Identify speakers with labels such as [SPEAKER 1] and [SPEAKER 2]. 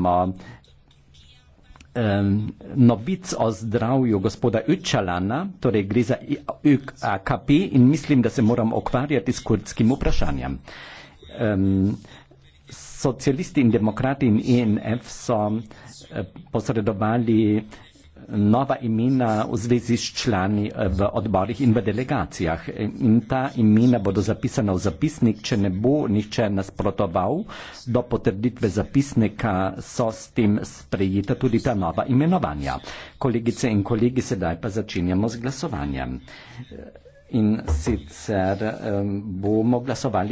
[SPEAKER 1] ma novic o zdravju gospoda Učalana, torej gre za UKP in mislim, da se moram okvarjati s kurdskim vprašanjem. Um, socialisti in demokrati in INF e so eh, posredovali nova imena v zvezi s člani eh, v odborih in v delegacijah. In ta imena bodo zapisana v zapisnik, če ne bo nihče nasprotoval, do potrditve zapisnika so s tem sprejeta tudi ta nova imenovanja. Kolegice in kolegi, sedaj pa začenjamo z glasovanjem. In sicer eh, bomo
[SPEAKER 2] glasovali